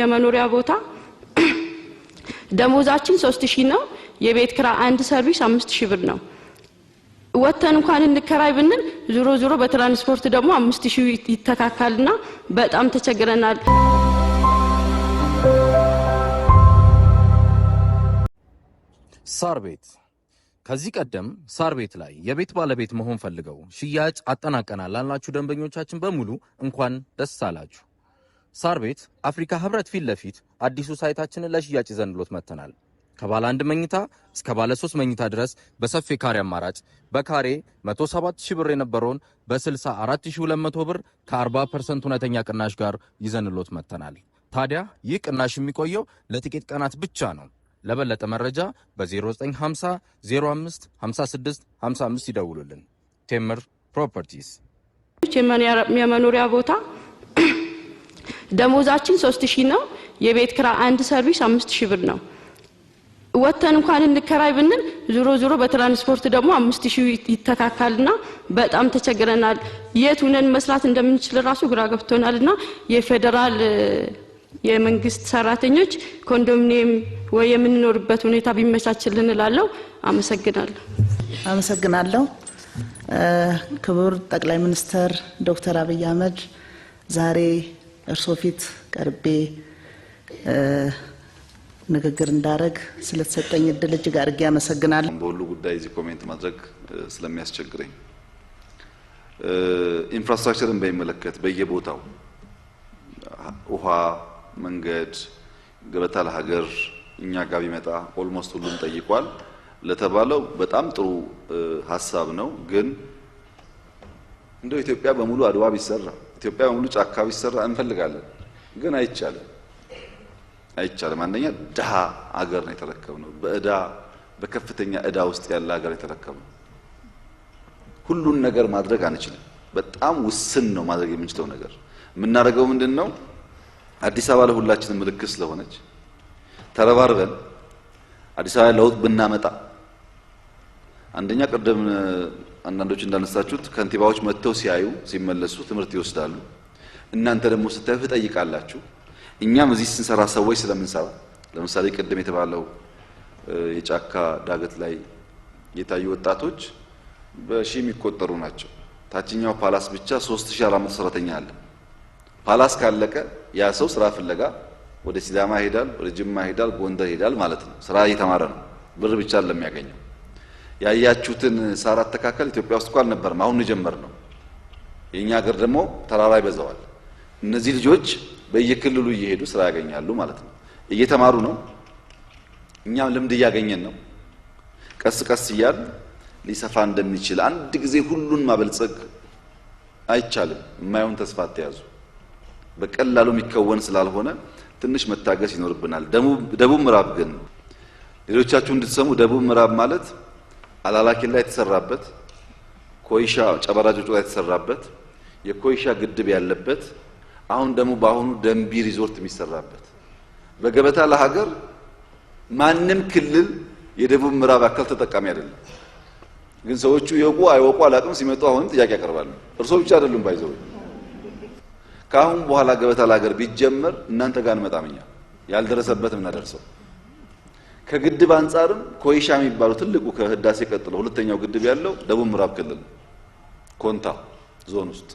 የመኖሪያ ቦታ ደሞዛችን ሶስት ሺህ ነው። የቤት ክራ አንድ ሰርቪስ አምስት ሺህ ብር ነው። ወተን እንኳን እንከራይ ብንል ዙሮ ዙሮ በትራንስፖርት ደግሞ አምስት ሺህ ይተካካልና በጣም ተቸግረናል። ሳር ቤት ከዚህ ቀደም ሳር ቤት ላይ የቤት ባለቤት መሆን ፈልገው ሽያጭ አጠናቀናል ላላችሁ ደንበኞቻችን በሙሉ እንኳን ደስ አላችሁ። ሳር ቤት አፍሪካ ህብረት ፊት ለፊት አዲሱ ሳይታችንን ለሽያጭ ይዘንሎት መጥተናል። ከባለ አንድ መኝታ እስከ ባለ ሶስት መኝታ ድረስ በሰፊ ካሬ አማራጭ በካሬ 107 ብር የነበረውን በ64200 ብር ከ40 እውነተኛ ቅናሽ ጋር ይዘንሎት መጥተናል። ታዲያ ይህ ቅናሽ የሚቆየው ለጥቂት ቀናት ብቻ ነው። ለበለጠ መረጃ በ0950 05 56 55 ይደውሉልን። ቴምር ፕሮፐርቲስ የመኖሪያ ቦታ ደሞዛችን ሶስት ሺህ ነው። የቤት ክራ አንድ ሰርቪስ አምስት ሺህ ብር ነው። ወተን እንኳን እንከራይ ብንል ዞሮ ዞሮ በትራንስፖርት ደግሞ አምስት ሺህ ይተካካልና በጣም ተቸግረናል። የት ሁነን መስራት እንደምንችል ራሱ ግራ ገብቶናልና የፌዴራል የመንግስት ሰራተኞች ኮንዶሚኒየም ወይ የምንኖርበት ሁኔታ ቢመቻችልን እላለሁ። አመሰግናለሁ። አመሰግናለሁ። ክቡር ጠቅላይ ሚኒስትር ዶክተር አብይ አህመድ ዛሬ እርስዎ ፊት ቀርቤ ንግግር እንዳረግ ስለተሰጠኝ እድል እጅግ አድርጌ አመሰግናለሁ። በሁሉ ጉዳይ እዚህ ኮሜንት ማድረግ ስለሚያስቸግረኝ ኢንፍራስትራክቸርን በሚመለከት በየቦታው ውሃ፣ መንገድ፣ ገበታ ለሀገር እኛ ጋር ቢመጣ ኦልሞስት ሁሉም ጠይቋል ለተባለው በጣም ጥሩ ሀሳብ ነው። ግን እንደው ኢትዮጵያ በሙሉ አድዋ ቢሰራ ኢትዮጵያ ሙሉ ጫካ ቢሰራ እንፈልጋለን፣ ግን አይቻልም አይቻልም። አንደኛ ድሃ አገር ነው የተረከብነው። በእዳ በከፍተኛ እዳ ውስጥ ያለ ሀገር የተረከብነው። ሁሉን ነገር ማድረግ አንችልም። በጣም ውስን ነው ማድረግ የምንችለው ነገር። የምናደርገው ምንድን ነው? አዲስ አበባ ለሁላችንም ምልክት ስለሆነች ተረባርበን አዲስ አበባ ለውጥ ብናመጣ አንደኛ ቅድም አንዳንዶች እንዳነሳችሁት ከንቲባዎች መጥተው ሲያዩ ሲመለሱ ትምህርት ይወስዳሉ። እናንተ ደግሞ ስታዩ ትጠይቃላችሁ። እኛም እዚህ ስንሰራ ሰዎች ስለምንሰራ ለምሳሌ ቅድም የተባለው የጫካ ዳገት ላይ የታዩ ወጣቶች በሺ የሚቆጠሩ ናቸው። ታችኛው ፓላስ ብቻ 3400 ሰራተኛ አለ። ፓላስ ካለቀ ያ ሰው ስራ ፍለጋ ወደ ሲዳማ ይሄዳል፣ ወደ ጅማ ይሄዳል፣ ጎንደር ይሄዳል ማለት ነው። ስራ እየተማረ ነው፣ ብር ብቻ ለሚያገኘው ያያችሁትን ሳር አተካከል ኢትዮጵያ ውስጥ እኮ አልነበረም፣ አሁን ጀመር ነው። የእኛ ሀገር ደግሞ ተራራ ይበዛዋል። እነዚህ ልጆች በየክልሉ እየሄዱ ስራ ያገኛሉ ማለት ነው። እየተማሩ ነው። እኛም ልምድ እያገኘን ነው። ቀስ ቀስ እያል ሊሰፋ እንደሚችል አንድ ጊዜ ሁሉን ማበልጸግ አይቻልም። የማይሆን ተስፋ አትያዙ። በቀላሉ የሚከወን ስላልሆነ ትንሽ መታገስ ይኖርብናል። ደቡብ ምዕራብ ግን ሌሎቻችሁ እንድትሰሙ ደቡብ ምዕራብ ማለት አላላኪን ላይ የተሰራበት ኮይሻ ጨበራ ላይ የተሰራበት የኮይሻ ግድብ ያለበት አሁን ደግሞ በአሁኑ ደንቢ ሪዞርት የሚሰራበት በገበታ ለሀገር ማንም ክልል የደቡብ ምዕራብ አካል ተጠቃሚ አይደለም። ግን ሰዎቹ ይወቁ አይወቁ አላቅም ሲመጡ አሁንም ጥያቄ ያቀርባሉ። እርሶ ብቻ አይደሉም ባይዘው ከአሁን በኋላ ገበታ ለሀገር ቢጀመር እናንተ ጋር እንመጣምኛ ያልደረሰበት ምናደርሰው ከግድብ አንጻርም ኮይሻ የሚባለው ትልቁ ከህዳሴ ቀጥሎ ሁለተኛው ግድብ ያለው ደቡብ ምዕራብ ክልል ኮንታ ዞን ውስጥ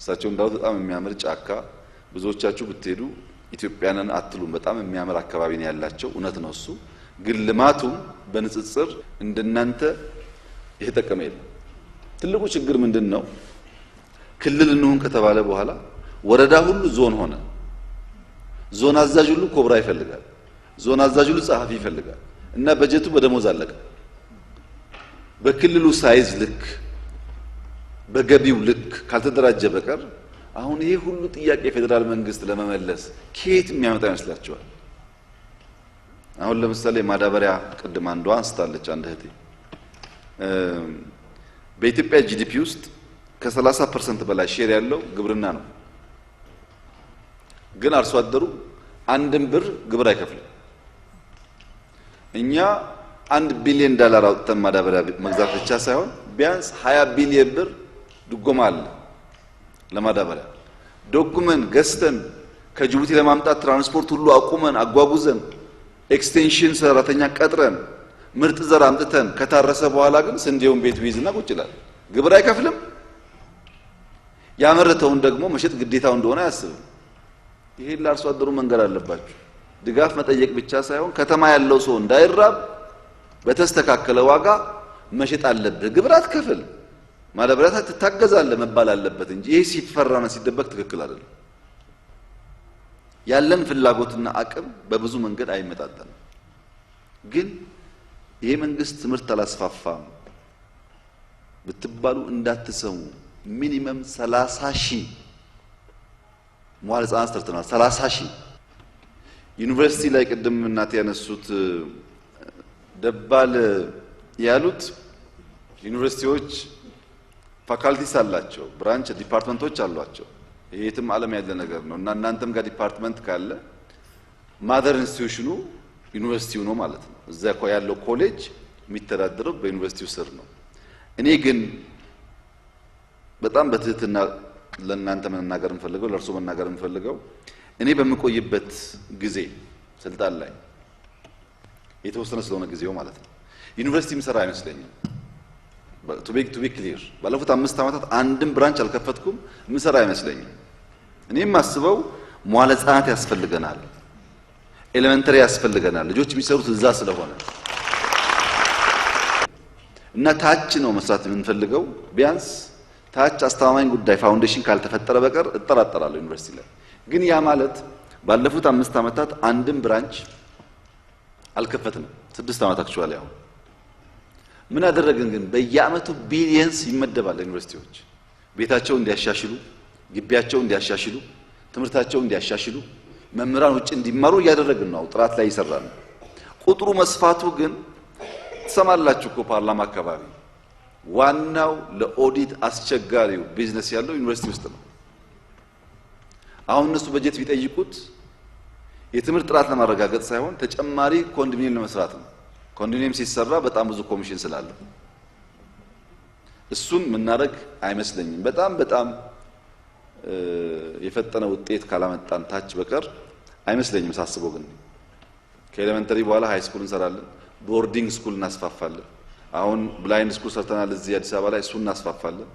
እሳቸው እንዳሉት በጣም የሚያምር ጫካ፣ ብዙዎቻችሁ ብትሄዱ ኢትዮጵያንን አትሉም። በጣም የሚያምር አካባቢ ነው ያላቸው። እውነት ነው እሱ። ግን ልማቱም በንጽጽር እንደናንተ የተጠቀመ የለም። ትልቁ ችግር ምንድን ነው? ክልል እንሁን ከተባለ በኋላ ወረዳ ሁሉ ዞን ሆነ። ዞን አዛዥ ሁሉ ኮብራ ይፈልጋል። ዞን አዛዥ ሁሉ ጸሐፊ ይፈልጋል እና በጀቱ በደሞዝ አለቀ። በክልሉ ሳይዝ ልክ በገቢው ልክ ካልተደራጀ በቀር አሁን ይህ ሁሉ ጥያቄ የፌዴራል መንግስት ለመመለስ ከየት የሚያመጣ ይመስላችኋል? አሁን ለምሳሌ ማዳበሪያ ቅድም አንዷ አንስታለች አንድ እህቴ። በኢትዮጵያ ጂዲፒ ውስጥ ከ30 ፐርሰንት በላይ ሼር ያለው ግብርና ነው። ግን አርሶ አደሩ አንድን ብር ግብር አይከፍልም። እኛ አንድ ቢሊዮን ዶላር አውጥተን ማዳበሪያ መግዛት ብቻ ሳይሆን ቢያንስ 20 ቢሊዮን ብር ድጎማ አለ ለማዳበሪያ። ዶኩመን ገዝተን ከጅቡቲ ለማምጣት ትራንስፖርት ሁሉ አቁመን አጓጉዘን ኤክስቴንሽን ሰራተኛ ቀጥረን ምርጥ ዘር አምጥተን ከታረሰ በኋላ ግን ስንዴውን ቤት ቢይዝና ቁጭ ይላል። ግብር አይከፍልም። ያመረተውን ደግሞ መሸጥ ግዴታው እንደሆነ አያስብም። ይሄን ለአርሶ አደሩ መንገድ አለባችሁ። ድጋፍ መጠየቅ ብቻ ሳይሆን ከተማ ያለው ሰው እንዳይራብ በተስተካከለ ዋጋ መሸጥ አለብህ። ግብራት ክፍል ማዳበሪያ ትታገዛለህ መባል አለበት እንጂ ይሄ ሲፈራና ሲደበቅ ትክክል አይደለም። ያለን ፍላጎትና አቅም በብዙ መንገድ አይመጣጠንም። ግን ይሄ መንግስት ትምህርት አላስፋፋም ብትባሉ እንዳትሰሙ። ሚኒመም 30 ሺህ መዋለ ሕጻናት 30 ሺህ ዩኒቨርሲቲ ላይ ቅድም እናት ያነሱት ደባል ያሉት ዩኒቨርሲቲዎች ፋካልቲስ አላቸው፣ ብራንች ዲፓርትመንቶች አሏቸው። የትም ዓለም ያለ ነገር ነው እና እናንተም ጋር ዲፓርትመንት ካለ ማደር ኢንስቲትዩሽኑ ዩኒቨርሲቲው ነው ማለት ነው። እዚያ ያለው ኮሌጅ የሚተዳደረው በዩኒቨርሲቲው ስር ነው። እኔ ግን በጣም በትህትና ለእናንተ መናገር የምፈልገው ለእርስዎ መናገር የምፈልገው እኔ በምቆይበት ጊዜ ስልጣን ላይ የተወሰነ ስለሆነ ጊዜው ማለት ነው ዩኒቨርሲቲ ምሰራ አይመስለኝም። ቱ ቢ ክሊር ባለፉት አምስት ዓመታት አንድም ብራንች አልከፈትኩም። የምሰራ አይመስለኝም። እኔም አስበው ሟለ ህጻናት ያስፈልገናል፣ ኤሌመንተሪ ያስፈልገናል። ልጆች የሚሰሩት እዛ ስለሆነ እና ታች ነው መስራት የምንፈልገው። ቢያንስ ታች አስተማማኝ ጉዳይ ፋውንዴሽን ካልተፈጠረ በቀር እጠራጠራለሁ ዩኒቨርሲቲ ላይ ግን ያ ማለት ባለፉት አምስት ዓመታት አንድም ብራንች አልከፈትንም። ስድስት ዓመት አክቹዋሊ ያው ምን አደረግን ግን በየአመቱ ቢሊየንስ ይመደባል ዩኒቨርሲቲዎች ቤታቸው እንዲያሻሽሉ፣ ግቢያቸው እንዲያሻሽሉ፣ ትምህርታቸው እንዲያሻሽሉ፣ መምህራን ውጭ እንዲማሩ እያደረግን ነው። ጥራት ላይ ነው። ቁጥሩ መስፋቱ ግን ትሰማላችሁ እኮ ፓርላማ አካባቢ ዋናው ለኦዲት አስቸጋሪው ቢዝነስ ያለው ዩኒቨርሲቲ ውስጥ ነው። አሁን እነሱ በጀት ቢጠይቁት የትምህርት ጥራት ለማረጋገጥ ሳይሆን ተጨማሪ ኮንዶሚኒየም ለመስራት ነው። ኮንዶሚኒየም ሲሰራ በጣም ብዙ ኮሚሽን ስላለ። እሱን የምናደርግ አይመስለኝም። በጣም በጣም የፈጠነ ውጤት ካላመጣን ታች በቀር አይመስለኝም። ሳስበው ግን ከኤሌመንተሪ በኋላ ሀይ ስኩል እንሰራለን፣ ቦርዲንግ ስኩል እናስፋፋለን። አሁን ብላይንድ ስኩል ሰርተናል እዚህ አዲስ አበባ ላይ እሱን እናስፋፋለን።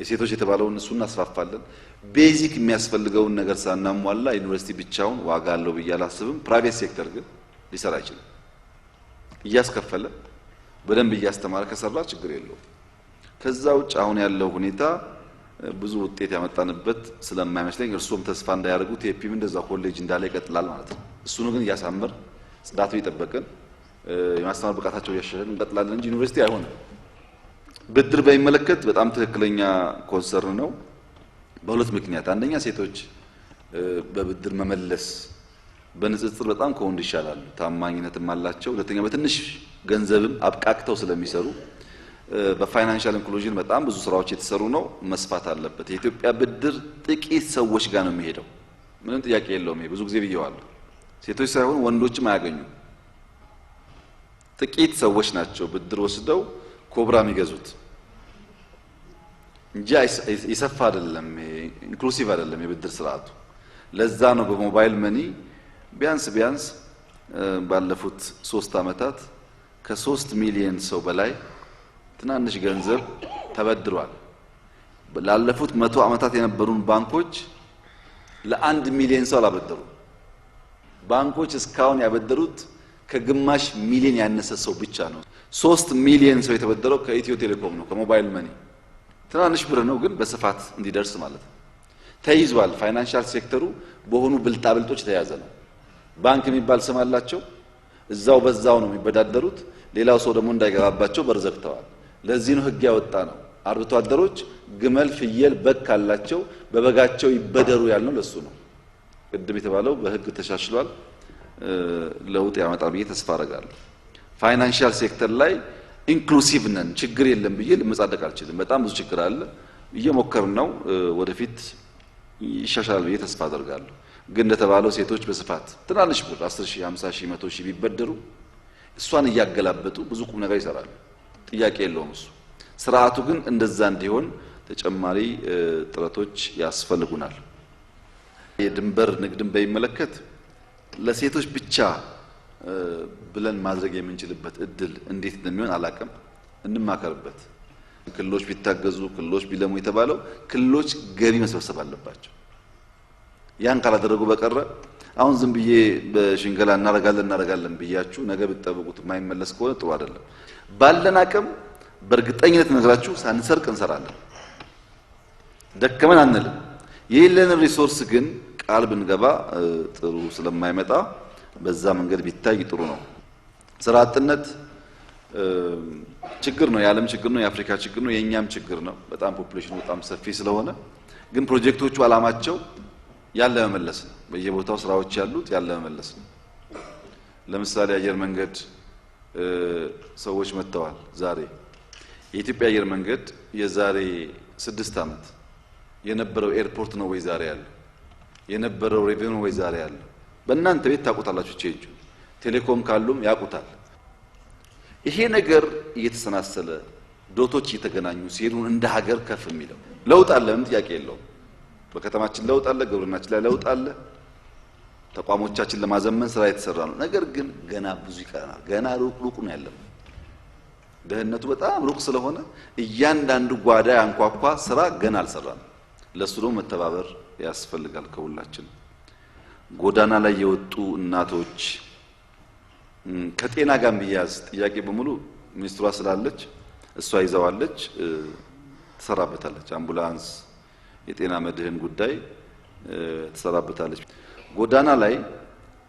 የሴቶች የተባለውን እሱ እናስፋፋለን። ቤዚክ የሚያስፈልገውን ነገር ሳናሟላ ዩኒቨርሲቲ ብቻውን ዋጋ አለው ብዬ አላስብም። ፕራይቬት ሴክተር ግን ሊሰራ አይችልም። እያስከፈለ በደንብ እያስተማረ ከሰራ ችግር የለውም። ከዛ ውጭ አሁን ያለው ሁኔታ ብዙ ውጤት ያመጣንበት ስለማይመስለኝ እርስዎም ተስፋ እንዳያደርጉ ቴፒም እንደዛ ኮሌጅ እንዳለ ይቀጥላል ማለት ነው። እሱኑ ግን እያሳመር ጽዳቱ እየጠበቅን የማስተማር ብቃታቸው እያሻሻልን እንቀጥላለን እንጂ ዩኒቨርሲቲ አይሆንም። ብድር በሚመለከት በጣም ትክክለኛ ኮንሰርን ነው በሁለት ምክንያት። አንደኛ ሴቶች በብድር መመለስ በንጽጽር በጣም ከወንድ ይሻላሉ፣ ታማኝነትም አላቸው። ሁለተኛ በትንሽ ገንዘብም አብቃቅተው ስለሚሰሩ በፋይናንሻል ኢንክሉዥን በጣም ብዙ ስራዎች የተሰሩ ነው፣ መስፋት አለበት። የኢትዮጵያ ብድር ጥቂት ሰዎች ጋር ነው የሚሄደው፣ ምንም ጥያቄ የለውም። ይሄ ብዙ ጊዜ ብየዋለሁ። ሴቶች ሳይሆን ወንዶችም አያገኙም። ጥቂት ሰዎች ናቸው ብድር ወስደው ኮብራ የሚገዙት እንጂ የሰፋ አይደለም፣ ኢንክሉሲቭ አይደለም የብድር ስርዓቱ። ለዛ ነው በሞባይል መኒ ቢያንስ ቢያንስ ባለፉት ሶስት ዓመታት ከሶስት ሚሊየን ሰው በላይ ትናንሽ ገንዘብ ተበድሯል። ላለፉት መቶ ዓመታት የነበሩን ባንኮች ለአንድ ሚሊየን ሰው አላበደሩም። ባንኮች እስካሁን ያበደሩት ከግማሽ ሚሊዮን ያነሰ ሰው ብቻ ነው። ሶስት ሚሊዮን ሰው የተበደረው ከኢትዮ ቴሌኮም ነው፣ ከሞባይል መኒ ትናንሽ ብር ነው፣ ግን በስፋት እንዲደርስ ማለት ነው። ተይዟል። ፋይናንሻል ሴክተሩ በሆኑ ብልጣብልጦች የተያዘ ነው። ባንክ የሚባል ስም አላቸው። እዛው በዛው ነው የሚበዳደሩት። ሌላው ሰው ደግሞ እንዳይገባባቸው በርዘግተዋል። ለዚህ ነው ህግ ያወጣ ነው። አርብቶ አደሮች ግመል፣ ፍየል፣ በግ ካላቸው በበጋቸው ይበደሩ ያልነው ለሱ ነው። ቅድም የተባለው በህግ ተሻሽሏል። ለውጥ ያመጣል ብዬ ተስፋ አደርጋለሁ ፋይናንሻል ሴክተር ላይ ኢንክሉሲቭ ነን ችግር የለም ብዬ ልመጻደቅ አልችልም። በጣም ብዙ ችግር አለ። እየሞከርን ነው። ወደፊት ይሻሻላል ብዬ ተስፋ አደርጋለሁ። ግን እንደተባለው ሴቶች በስፋት ትናንሽ ብር 10 ሺህ፣ 50 ሺህ፣ 100 ሺህ ቢበደሩ እሷን እያገላበጡ ብዙ ቁም ነገር ይሰራሉ። ጥያቄ የለውም እሱ። ስርዓቱ ግን እንደዛ እንዲሆን ተጨማሪ ጥረቶች ያስፈልጉናል። የድንበር ንግድን በሚመለከት ለሴቶች ብቻ ብለን ማድረግ የምንችልበት እድል እንዴት እንደሚሆን አላቅም። እንማከርበት። ክልሎች ቢታገዙ፣ ክልሎች ቢለሙ የተባለው ክልሎች ገቢ መሰብሰብ አለባቸው። ያን ካላደረጉ በቀረ አሁን ዝም ብዬ በሽንገላ እናረጋለን እናረጋለን ብያችሁ ነገ ብትጠብቁት የማይመለስ ከሆነ ጥሩ አይደለም። ባለን አቅም በእርግጠኝነት ነግራችሁ ሳንሰርቅ እንሰራለን። ደከመን አንልም። የሌለን ሪሶርስ ግን ቃል ብንገባ ጥሩ ስለማይመጣ በዛ መንገድ ቢታይ ጥሩ ነው። ስራ አጥነት ችግር ነው፣ የዓለም ችግር ነው፣ የአፍሪካ ችግር ነው፣ የእኛም ችግር ነው። በጣም ፖፑሌሽኑ በጣም ሰፊ ስለሆነ ግን ፕሮጀክቶቹ አላማቸው ያን ለመመለስ ነው። በየቦታው ስራዎች ያሉት ያን ለመመለስ ነው። ለምሳሌ አየር መንገድ ሰዎች መጥተዋል። ዛሬ የኢትዮጵያ አየር መንገድ የዛሬ ስድስት ዓመት የነበረው ኤርፖርት ነው ወይ ዛሬ ያለው? የነበረው ሬቬኑ ወይ ዛሬ አለ። በእናንተ ቤት ታውቁታላችሁ። ቼንጁ ቴሌኮም ካሉም ያውቁታል። ይሄ ነገር እየተሰናሰለ ዶቶች እየተገናኙ ሲሄዱ እንደ ሀገር ከፍ የሚለው ለውጥ አለ። ምን ጥያቄ የለውም። በከተማችን ለውጥ አለ፣ ግብርናችን ላይ ለውጥ አለ። ተቋሞቻችን ለማዘመን ስራ የተሰራ ነው። ነገር ግን ገና ብዙ ይቀረናል። ገና ሩቅ ሩቅ ነው ያለም። ደህንነቱ በጣም ሩቅ ስለሆነ እያንዳንዱ ጓዳ ያንኳኳ ስራ ገና አልሰራም። ለእሱ ደግሞ መተባበር ያስፈልጋል። ከሁላችን ጎዳና ላይ የወጡ እናቶች ከጤና ጋር ብያዝ ጥያቄ በሙሉ ሚኒስትሯ ስላለች እሷ ይዘዋለች፣ ትሰራበታለች። አምቡላንስ፣ የጤና መድህን ጉዳይ ትሰራበታለች። ጎዳና ላይ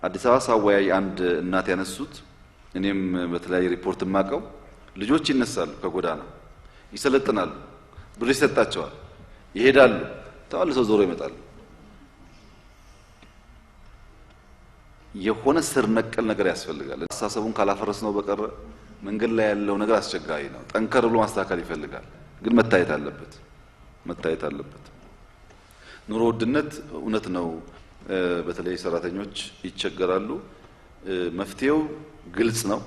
አዲስ አበባ ሳወያይ አንድ እናት ያነሱት እኔም በተለያየ ሪፖርት የማውቀው ልጆች ይነሳሉ፣ ከጎዳና ይሰለጥናሉ፣ ብር ይሰጣቸዋል፣ ይሄዳሉ ተመልሰው ዞሮ ይመጣል። የሆነ ስር ነቀል ነገር ያስፈልጋል። አስተሳሰቡን ካላፈረስ ነው በቀረ መንገድ ላይ ያለው ነገር አስቸጋሪ ነው። ጠንከር ብሎ ማስተካከል ይፈልጋል፣ ግን መታየት አለበት መታየት አለበት። ኑሮ ውድነት እውነት ነው። በተለይ ሰራተኞች ይቸገራሉ። መፍትሄው ግልጽ ነው።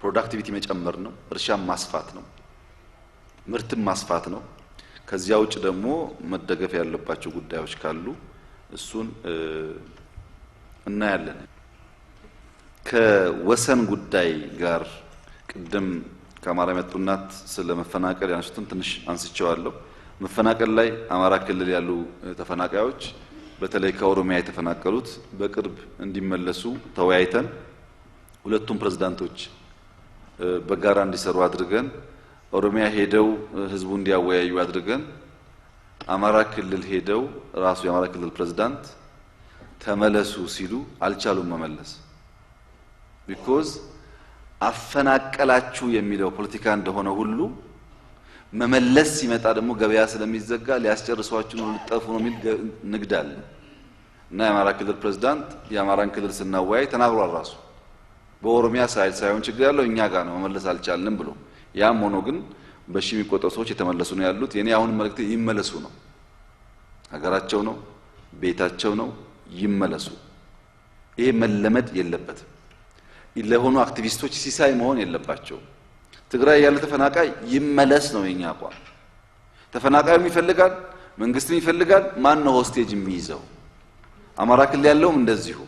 ፕሮዳክቲቪቲ መጨመር ነው። እርሻ ማስፋት ነው። ምርትም ማስፋት ነው። ከዚያ ውጭ ደግሞ መደገፍ ያለባቸው ጉዳዮች ካሉ እሱን እናያለን። ከወሰን ጉዳይ ጋር ቅድም ከአማራ የመጡ እናት ስለ መፈናቀል ያነሱትን ትንሽ አንስቸዋለሁ። መፈናቀል ላይ አማራ ክልል ያሉ ተፈናቃዮች በተለይ ከኦሮሚያ የተፈናቀሉት በቅርብ እንዲመለሱ ተወያይተን ሁለቱም ፕሬዝዳንቶች በጋራ እንዲሰሩ አድርገን ኦሮሚያ ሄደው ህዝቡ እንዲያወያዩ አድርገን አማራ ክልል ሄደው ራሱ የአማራ ክልል ፕሬዝዳንት ተመለሱ ሲሉ አልቻሉም መመለስ። ቢኮዝ አፈናቀላችሁ የሚለው ፖለቲካ እንደሆነ ሁሉ መመለስ ሲመጣ ደግሞ ገበያ ስለሚዘጋ ሊያስጨርሷችሁ ነው፣ ልጠፉ ነው የሚል ንግድ አለ እና የአማራ ክልል ፕሬዝዳንት የአማራን ክልል ስናወያይ ተናግሯል። ራሱ በኦሮሚያ ሳይል ሳይሆን ችግር ያለው እኛ ጋር ነው መመለስ አልቻልንም ብሎ ያም ሆኖ ግን በሺ የሚቆጠሩ ሰዎች የተመለሱ ነው ያሉት። የኔ አሁን መልእክት ይመለሱ ነው። ሀገራቸው ነው፣ ቤታቸው ነው፣ ይመለሱ። ይሄ መለመድ የለበትም። ለሆኑ አክቲቪስቶች ሲሳይ መሆን የለባቸውም። ትግራይ ያለ ተፈናቃይ ይመለስ ነው የኛ አቋም። ተፈናቃዩም ይፈልጋል፣ መንግስትም ይፈልጋል። ማን ነው ሆስቴጅ የሚይዘው? አማራ ክልል ያለውም እንደዚሁ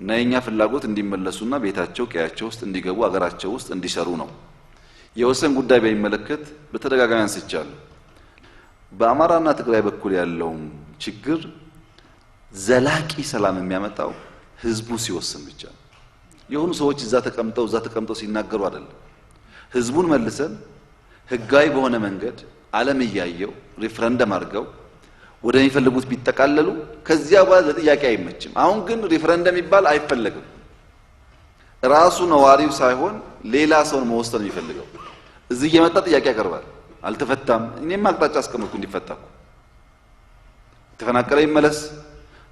እና የኛ ፍላጎት እንዲመለሱና ቤታቸው ቀያቸው ውስጥ እንዲገቡ አገራቸው ውስጥ እንዲሰሩ ነው። የወሰን ጉዳይ በሚመለከት በተደጋጋሚ አንስቻለሁ። በአማራና ትግራይ በኩል ያለውም ችግር ዘላቂ ሰላም የሚያመጣው ህዝቡ ሲወስን ብቻ ነው። የሆኑ ሰዎች እዛ ተቀምጠው እዛ ተቀምጠው ሲናገሩ አይደለም። ህዝቡን መልሰን ህጋዊ በሆነ መንገድ ዓለም እያየው ሪፍረንደም አድርገው ወደሚፈልጉት ቢጠቃለሉ ከዚያ በኋላ ለጥያቄ አይመችም። አሁን ግን ሪፍረንደም ይባል አይፈለግም። ራሱ ነዋሪው ሳይሆን ሌላ ሰውን መወሰን የሚፈልገው እዚህ እየመጣ ጥያቄ ያቀርባል። አልተፈታም። እኔም አቅጣጫ አስቀመጥኩ እንዲፈታ እኮ የተፈናቀለ ይመለስ፣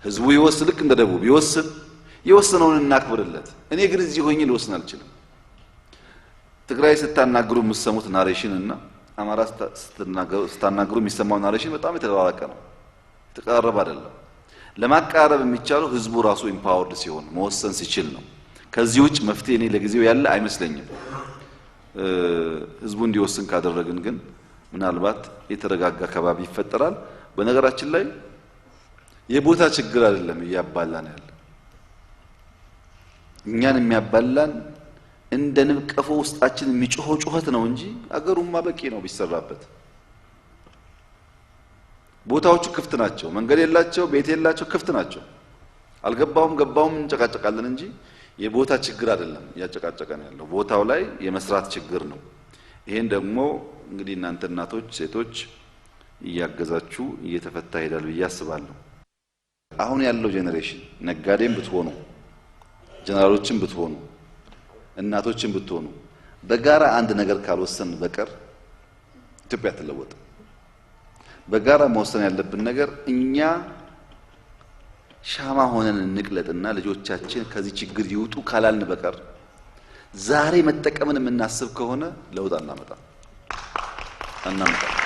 ህዝቡ ይወስን። ልክ እንደ ደቡብ ይወስን፣ የወሰነውን እናክብርለት። እኔ ግን እዚህ ሆኜ ልወስን አልችልም። ትግራይ ስታናግሩ የምትሰሙት ናሬሽን እና አማራ ስታናግሩ የሚሰማው ናሬሽን በጣም የተደባረቀ ነው፣ የተቀራረበ አይደለም። ለማቀራረብ የሚቻለው ህዝቡ ራሱ ኢምፓወርድ ሲሆን መወሰን ሲችል ነው። ከዚህ ውጭ መፍትሄ እኔ ለጊዜው ያለ አይመስለኝም። ህዝቡ እንዲወስን ካደረግን ግን ምናልባት የተረጋጋ ከባቢ ይፈጠራል። በነገራችን ላይ የቦታ ችግር አይደለም እያባላን ያለ እኛን የሚያባላን እንደ ንብ ቀፎ ውስጣችን የሚጮኸው ጩኸት ነው እንጂ አገሩማ በቂ ነው ቢሰራበት። ቦታዎቹ ክፍት ናቸው፣ መንገድ የላቸው፣ ቤት የላቸው፣ ክፍት ናቸው። አልገባውም ገባውም እንጨቃጨቃለን እንጂ የቦታ ችግር አይደለም እያጨቃጨቀን ያለው ቦታው ላይ የመስራት ችግር ነው። ይሄን ደግሞ እንግዲህ እናንተ እናቶች፣ ሴቶች እያገዛችሁ እየተፈታ ይሄዳል ብዬ አስባለሁ። አሁን ያለው ጄኔሬሽን ነጋዴም ብትሆኑ፣ ጀነራሎችም ብትሆኑ፣ እናቶችም ብትሆኑ በጋራ አንድ ነገር ካልወሰን በቀር ኢትዮጵያ አትለወጥም። በጋራ መወሰን ያለብን ነገር እኛ ሻማ ሆነን እንቅለጥና ልጆቻችን ከዚህ ችግር ይውጡ ካላልን በቀር ዛሬ መጠቀምን የምናስብ ከሆነ ለውጥ አናመጣም አናመጣም።